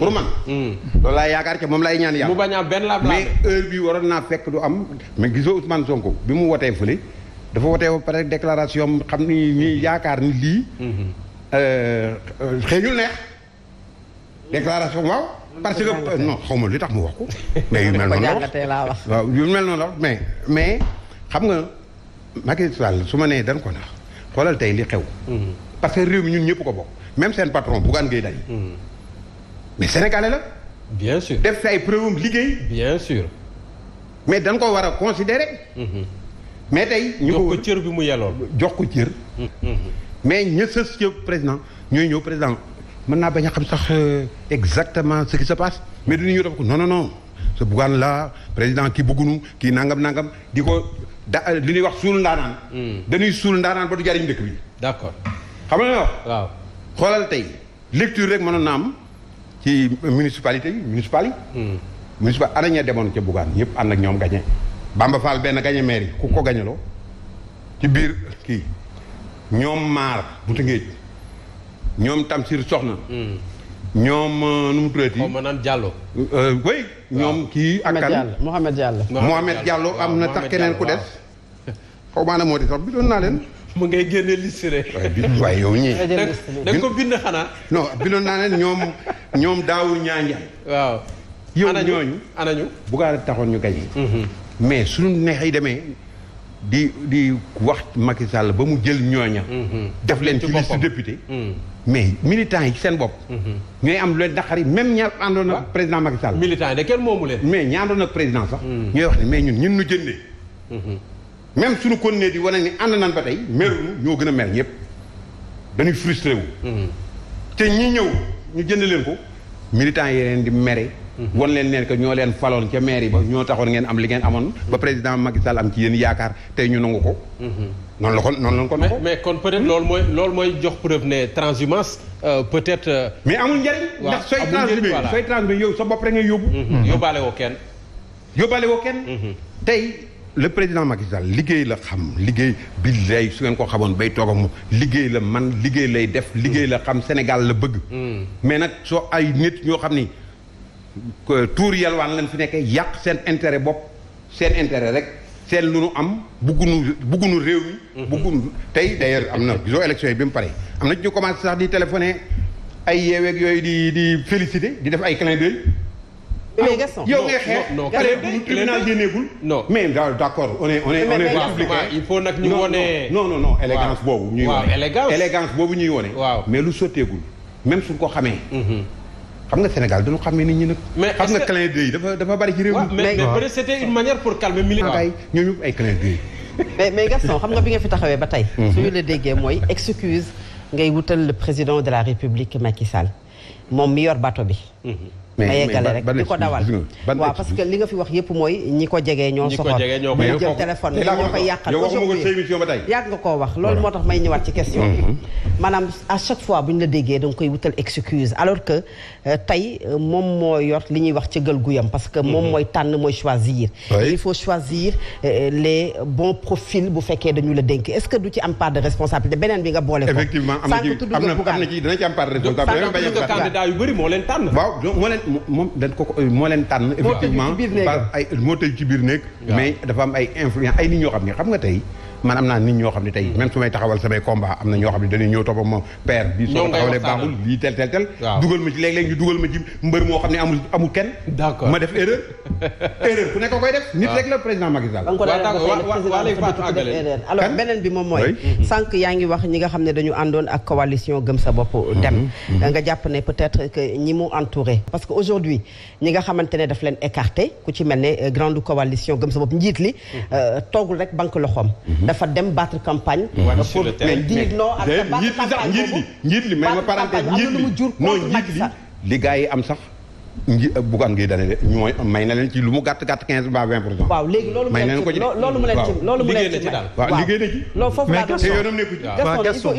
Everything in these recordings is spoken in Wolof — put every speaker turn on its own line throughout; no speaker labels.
pour man. Hmm. loolu laay yaakaar ca moom laay ñaan yàlla. mu bañ a benn la mais heure bi waroon naa fekk du am. mais gisoo Ousmane Sonko bi mu wotee fële dafa wotee ba pare déclaration xam ni ñuy yaakaar ni lii. Hmm. Euh, xëyul neex déclaration waaw. parce que euh, non xaw ma li tax mu wax ko. mais yu mel noonu la wax waaw yu mel noonu la wax mais mais xam nga Macky Sall su ma nee dañ ko nax xoolal tey li xew. Hmm. parce que réew mi ñun ñëpp ko bokk même seen patron Bougane Gueye Dany. mais sénégalais la. bien sûr def fi ay preuve liggéey. bien sûr. mais danga ko war a considérer. Mhm. mais tey ñu ko cër bi mu yellool. jox ko cër. Mhm. mais ña sës président ñooy ñëw président mën naa bañ a xam sax euh, exactement ce qui se passe mais du ñu def ko non non non ce la président ki bëggunu kii nangam nangam di ko da euh, li ñuy wax suul ndaanaan. Mhm. dañuy suul ndaanaan ba du jariñ dëkk bi. d'accord xam wax. waaw xoolal tey lecture rek mënoon na am. ci municipalité yi municipal yi. Hmm. municipal ana demoon ca Bougane ñëpp ànd ak ñoom gañe Bamba Fall benn gañe maire yi ku ko gañeloo ci biir kii ñoom maar bu tëngéej ñoom Tamsir Soxna. Hmm. ñoom euh, numu mu tuddati. xaw oh, naan Diallo. Euh, oui ñoom kii. ak kan
Mohamed Diallo Mohamed Diallo am na tax keneen ku des. xaw maa na moo
di sax bi doon naa leen. mu ngay génne liste rek. waaye yow ñii.
da nga ko bind xanaa.
non bindoon naa leen ñoom ñoom daawu ñaanjam. waaw. yow ñooñu anañu bu gaa taxoon ñu gañe. Mhm. mais suñu neex yi demee di di wax Macky Sall ba mu jël ñooña. Mhm. def leen ci liste député. Mhm. mais militants yi seen bopp. ñooy am lu leen naqari même ñaar àndoon ak ah. président Macky Sall. militants yi de kenn moomu leen. mais ñi àndoon ak président sax. ñooy wax ne mais ñun ñun ñu jëndee. même suñu continuer di wane ni ànd naan ba tey meruñu ñoo gën a mer ñëpp dañuy frustré wu. Mm-hmm. te ñi ñëw ñu jënd leen ko militants yi di mere. Mm-hmm. won leen neen que ñoo leen faloon ca maire yi ba ñoo taxoon ngeen am li ngeen amoon. Mm-hmm. ba président Macky Sall am ci yéen yaakaar tey ñu nangu ko. noonu la kon noonu la kon ko. mais kon peut-être loolu mooy loolu mooy jox preuve ne transhumance euh, peut-être. Euh, mais amul njëriñ. ndax sooy transhumé sooy transhumé yow sa bopp rek ngay yóbbu. yóbbaale woo kenn. yóbbaale woo kenn. tey. le président Macky Sall liggéey la xam liggéey bi lay su ngeen ko xamoon bay toog ak liggéey la man liggéey lay def. liggéey la xam Sénégal la bëgg. Mm. mais nag soo ay nit ñoo xam ni tuur yalwaan lañ fi nekkee yàq seen intérêt bopp seen intérêt rek seen lu nu am buggunu buggunu réew mi. Mm-hmm. buggunu tey d'ailleurs am na gisoo élection yi bi mu pare am na ñu commencé sax di téléphone ay yeeweeg yooyu di di félicité di def ay clin
mais Gaston yow ngay xeex tribunal
génneegul non mais d'accord on est on est on no il faut ñu wone boobu ñuy wone élégance boobu ñuy wone waaw mais lu sotteegul même suñ ko mhm. xam nga Sénégal xam xamee nit ñi nag xam nga clin d'œil dafa dafa bari ci réew mi mais peut-être c'était une manière pour calmer militaires mais
mais xam nga bi nga fi taxawee ba tey mhm. suñu la déggee mooy excuse ngay wutal le président de la République Macky Sall moom mi yor bi mhm. ma yeggale rek di ko dawal waaw parce que li nga fi wax yëpp mooy ñi ko jegee ñoo soxor ñi jël téléphone bi ñoo koy yàqal yàgg moo tax may ñëwaat ci question bi mhm. maanaam à chaque fois bu ñu la déggee da koy wutal excuse alors que euh, tey euh, moom moo yor li ñuy wax ci guyam parce que moom mhm. mooy tànn mooy choisir il faut choisir euh, les bons profils bu fekkee dañu la dénk est-ce que du ci am part de responsabilité beneen bi nga boole ko effectivement am na ci
dana moom dañ ko ko euh, moo leen tànn. effectivement par ay moo tëj ci biir néeg mais dafa am ay influence ay nit ñoo xam ne xam nga tey. man am naa nit ñoo xam ne tey même su may taxawal samay combat am na ñoo xam ne dañuy ñëw toppam ma père mbër moo xam ne amul amul kenn ma def erreur erreur ku nekk koy def nit ah. rek la président Macky Sall alors
beneen bi moom mooy mm-hmm. sànq yaa ngi wax ñi nga xam ne dañu àndoon ak coalition gëm sa bopp dem mm-hmm. nga jàpp ne peut-être que ñi mu entouré parce que aujourd'hui ñi nga xamante ne daf leen écarté ku ci mel ne euh, grande coalition gëm sa bopp njiit li mm-hmm. euh, toogul rek banque loxoom dafa dem battre campagne. pour dire non ak. battre campagne boobu njiit
li njiit li may ma parenthèse njiit li non njiit li li gars yi am sax. ngi euh, buggaan ngay dane may na leen ci lu mu gàtt gàtt quinze ba vingt pour cent. waaw léegi loolu mu leen ci loolu mu leen ci
loolu ñëw yoonam nekku ci waaw gaston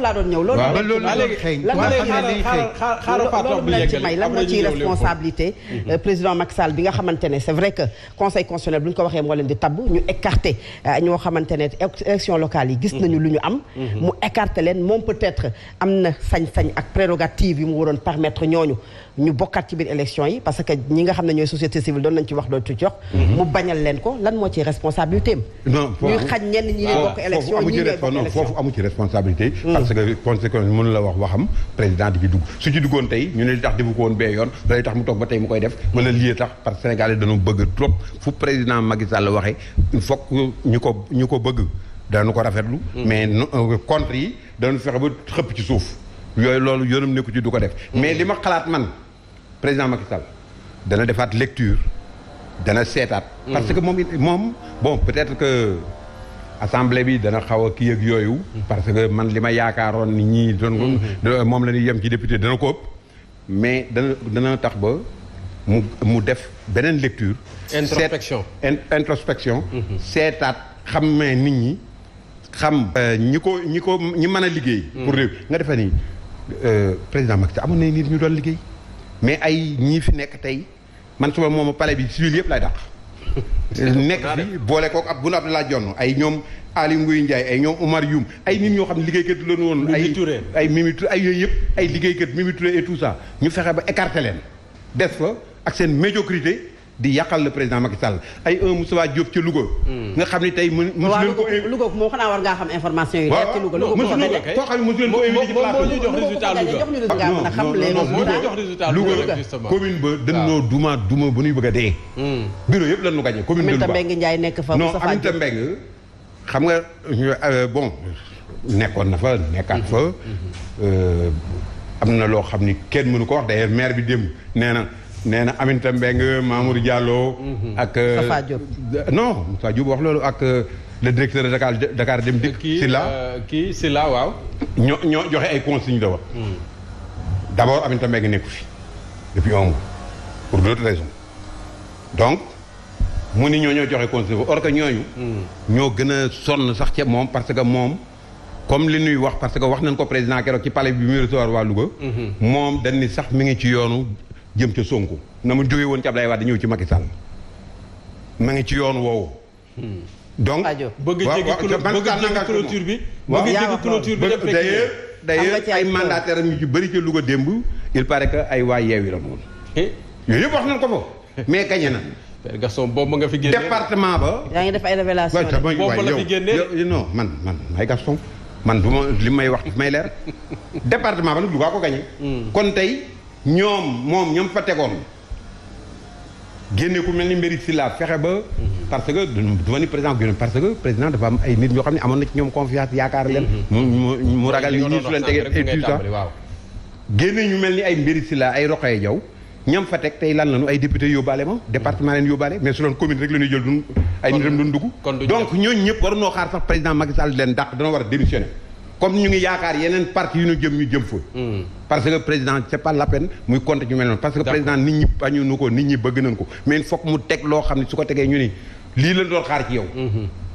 la loolu la xëy lan nga xam ne ci may lan moo ciy responsabilité mhm. euh, président Macky bi nga xamante ne c'est vrai que conseil constitutionnel bu ñu ko waxee moo leen di tabb ñu écarté euh, ñoo xamante ne élection locale yi gis nañu mhm. lu ñu am mhm. mu écarté leen moom peut-être am na sañ-sañ ak prérogative yi mu waroon permettre ñooñu ñu bokkaat ci biir élection yi parce que ñi nga xam ne ñooy société civile doon nañ ci wax doon ci jox mhm. mu bañal leen ko lan moo ci responsabilité
am ñuy xañ ñenn ñi ñuy bokk élection foofu amu ci responsabilité mm. parce que conséquence mënu la wax waxam président di ci dugg su ci duggoon tey ñu ne li tax defu ko woon bee yoon lay tax mu toog ba tey mu koy def wala lii tax parce que sénégalais dañu ñu ko ñu ko bëgg dañu ko rafet rafetlu mm. mais nu euh, contre yi dañu fexe bu xëpp ci suuf yooyu loolu yoonam nekku ci du ko def mm. mais li ma xalaat man président Macky Sall dana defaat lecture dana seetaat. Hmm. parce que moom it moom bon peut-être que assemblée bi dana xaw a kii ak yooyu. Hmm. parce que man li ma yaakaaroon ñi ñii doon hmm. moom la ñuy yem ci député dana ko ëpp mais dana dana tax ba mu mu def beneen lecture. introspection introspection. seetaat xam mais nit ñi xam. Euh, ñi ko ñi ko ñi mën a liggéey. pour réew nga defee nii euh, président Macky Sall amoon na nit ñu doon liggéey. mais ay ñii fi nekk tey man suba moom palais bi civil yëpp lay dàq. nekk fi boole kook ab Boun Abdallah Dionne ay ñoom Aly Ngouille Ndiaye ay ñoom Omar Youm ay nit ñoo xam ne liggéeykat la ñu woon. ay ay Mimi ay yooyu yëpp ay liggéeykat Mimi Touré et tout ça ñu fexe ba écarter leen. des fa ak seen médiocrité di yàqal le président Macky Sall ay un Moussa Diop ca Louga. Hmm. nga xam ne tey mu mosu leen ko.
Louga moom xanaa war ngaa xam information yi. waaw waaw mosu leen ko koo xam ne mosu leen ko invité ci plateau. moom moom jox résultat Louga
commune ba a dee. Hmm. bureau
nekk fa. non Aminata
xam nga euh, bon nekkoon na fa nekkaat fa. Hmm, euh, am na loo xam ni kenn mënu ko wax d'ailleurs maire bi démb nee na nee na Aminata Mbengue Mamour Diallo. Mhm. ak euh, Safa Diop non Safa Diop wax loolu ak euh, le directeur de Dakar Dakar Dem Dikk. Silla euh, kii Silla waaw. ñoo ñoo joxe ay consignes la woon. Mhm. d' abord Aminata Mbengue nekku fi depuis un pour d' autres donc mu ni ñoo ñoo joxe consignes or que ñooñu. Mhm. ñoo gën a sonn sax ca moom parce que moom. comme li nuy wax parce que wax nañ ko président keroog ci palais bi mu recevoir waa Louga. moom dañ ni sax mi ngi ci yoonu jëm ca Sonko na mu jógee woon ci Abdoulaye Wade ñëw ci Macky Sall ma ngi ci yoon woowu. Hmm. donc bëgg jéggi clôture bi bëgg jéggi clôture bi def d'ailleurs d'ailleurs ay mandataire am yu ci bëri démb il parce que ay waa yeew yi la moom eh? yooyu yëpp wax nañ ko fa mais gañe na Père Gaston boobu nga fi génnee département ba
yaa ngi def ay révélation la fi
génnee non man man ay Gaston man du ma li may wax daf may leer département ba nag Louga ko gañe hmm. kon tey ñoom moom ñoom fa tegoon génne ku mel ni Mbérik Sylla fexe ba. parce que du ma ni président génn parce que président dafa am ay nit ñoo xam ne amoon na ci ñoom confiance yaakaar leen. mu mu mu ragal yi ñu génne ñu mel ni ay Mbérik Sylla ay Rokhaya Diaw ñam fa teg tey lan lañu ay député yóbbaale ma département leen yóbbaale mais su doon commune rek la ñuy jël duñ ay nitam duñ dugg. donc ñooñu ñëpp war noo xaar sax président Macky Sall leen dàq dana war a démissionner. comme ñu ngi yaakaar yeneen parti yu ñu jëm ñu jëm fa. Hmm. parce que président c'est pas la peine muy compte ñu mel parce que président nit ñi bañu nu ko nit ñi bëgg nañ ko mais il mu teg loo xam ne su ko tegee ñu ni lii lañ doon xaar ci yow. Hmm.